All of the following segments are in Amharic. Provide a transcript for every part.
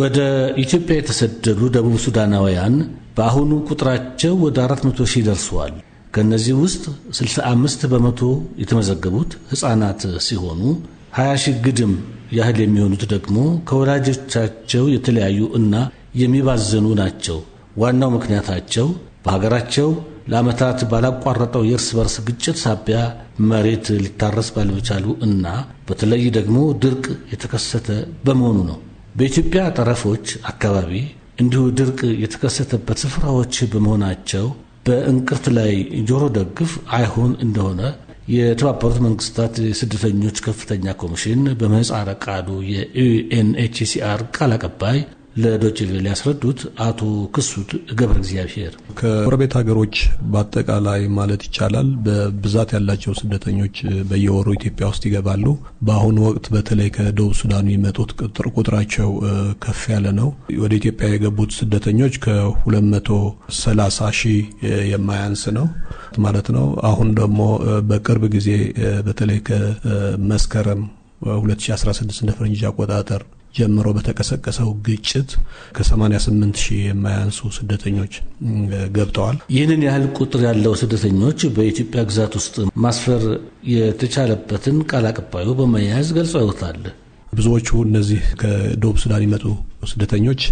ወደ ኢትዮጵያ የተሰደዱ ደቡብ ሱዳናውያን በአሁኑ ቁጥራቸው ወደ 400 ሺህ ደርሰዋል። ከእነዚህ ውስጥ 65 በመቶ የተመዘገቡት ሕፃናት ሲሆኑ 20 ሺህ ግድም ያህል የሚሆኑት ደግሞ ከወላጆቻቸው የተለያዩ እና የሚባዘኑ ናቸው። ዋናው ምክንያታቸው በሀገራቸው ለዓመታት ባላቋረጠው የእርስ በርስ ግጭት ሳቢያ መሬት ሊታረስ ባለመቻሉ እና በተለይ ደግሞ ድርቅ የተከሰተ በመሆኑ ነው። በኢትዮጵያ ጠረፎች አካባቢ እንዲሁ ድርቅ የተከሰተበት ስፍራዎች በመሆናቸው በእንቅርት ላይ ጆሮ ደግፍ አይሆን እንደሆነ የተባበሩት መንግስታት የስደተኞች ከፍተኛ ኮሚሽን በምህፃረ ቃሉ የዩኤንኤችሲአር ቃል አቀባይ ለዶችቬል ያስረዱት አቶ ክሱት ገብረ እግዚአብሔር ከጎረቤት ሀገሮች በአጠቃላይ ማለት ይቻላል በብዛት ያላቸው ስደተኞች በየወሩ ኢትዮጵያ ውስጥ ይገባሉ። በአሁኑ ወቅት በተለይ ከደቡብ ሱዳን የመጡት ቁጥራቸው ከፍ ያለ ነው። ወደ ኢትዮጵያ የገቡት ስደተኞች ከ230 ሺህ የማያንስ ነው ማለት ነው። አሁን ደግሞ በቅርብ ጊዜ በተለይ ከመስከረም 2016 እንደ ፈረንጅ አቆጣጠር ጀምሮ በተቀሰቀሰው ግጭት ከ88 ሺህ የማያንሱ ስደተኞች ገብተዋል። ይህንን ያህል ቁጥር ያለው ስደተኞች በኢትዮጵያ ግዛት ውስጥ ማስፈር የተቻለበትን ቃል አቀባዩ በመያያዝ ገልጸውታል። ብዙዎቹ እነዚህ ከደቡብ ሱዳን ይመጡ ስደተኞች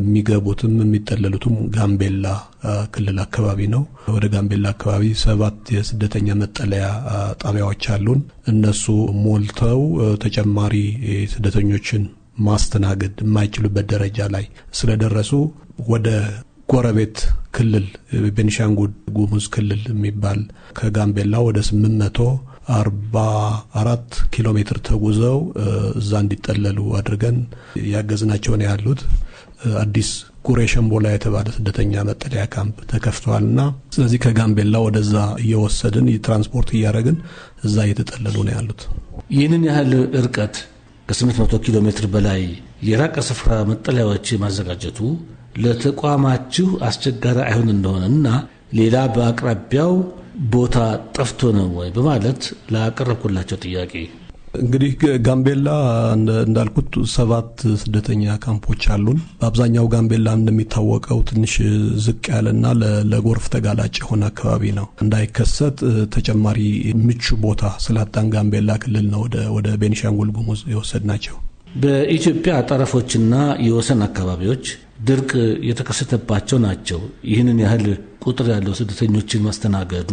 የሚገቡትም የሚጠለሉትም ጋምቤላ ክልል አካባቢ ነው። ወደ ጋምቤላ አካባቢ ሰባት የስደተኛ መጠለያ ጣቢያዎች አሉን። እነሱ ሞልተው ተጨማሪ ስደተኞችን ማስተናገድ የማይችሉበት ደረጃ ላይ ስለደረሱ ወደ ጎረቤት ክልል ቤንሻንጉል ጉሙዝ ክልል የሚባል ከጋምቤላ ወደ ስምንት መቶ 44 ኪሎ ሜትር ተጉዘው እዛ እንዲጠለሉ አድርገን ያገዝናቸውን ያሉት አዲስ ጉሬ ሸምቦላ የተባለ ስደተኛ መጠለያ ካምፕ ተከፍተዋልና ስለዚህ ከጋምቤላ ወደዛ እየወሰድን ትራንስፖርት እያደረግን እዛ እየተጠለሉ ነው ያሉት። ይህንን ያህል እርቀት ከ800 ኪሎ ሜትር በላይ የራቀ ስፍራ መጠለያዎች ማዘጋጀቱ ለተቋማችሁ አስቸጋሪ አይሆን እንደሆነ እና ሌላ በአቅራቢያው ቦታ ጠፍቶ ነው ወይ በማለት ላቀረብኩላቸው ጥያቄ እንግዲህ ጋምቤላ እንዳልኩት ሰባት ስደተኛ ካምፖች አሉን። በአብዛኛው ጋምቤላ እንደሚታወቀው ትንሽ ዝቅ ያለና ለጎርፍ ተጋላጭ የሆነ አካባቢ ነው። እንዳይከሰት ተጨማሪ ምቹ ቦታ ስላጣን ጋምቤላ ክልል ነው ወደ ቤኒሻንጉል ጉሙዝ የወሰድ ናቸው። በኢትዮጵያ ጠረፎችና የወሰን አካባቢዎች ድርቅ የተከሰተባቸው ናቸው። ይህንን ያህል ቁጥር ያለው ስደተኞችን ማስተናገዱ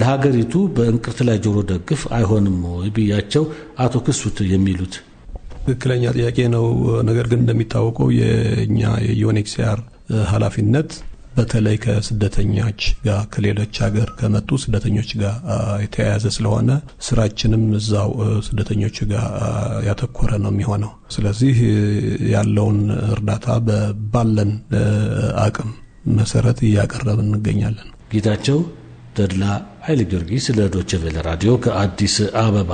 ለሀገሪቱ በእንቅርት ላይ ጆሮ ደግፍ አይሆንም ወይ ብያቸው አቶ ክሱት የሚሉት ትክክለኛ ጥያቄ ነው። ነገር ግን እንደሚታወቀው የእኛ የዩኤንኤችሲአር ኃላፊነት በተለይ ከስደተኞች ጋር ከሌሎች ሀገር ከመጡ ስደተኞች ጋር የተያያዘ ስለሆነ ስራችንም እዛው ስደተኞቹ ጋር ያተኮረ ነው የሚሆነው። ስለዚህ ያለውን እርዳታ በባለን አቅም መሰረት እያቀረብ እንገኛለን። ጌታቸው ተድላ ኃይለ ጊዮርጊስ ለዶችቬለ ራዲዮ ከአዲስ አበባ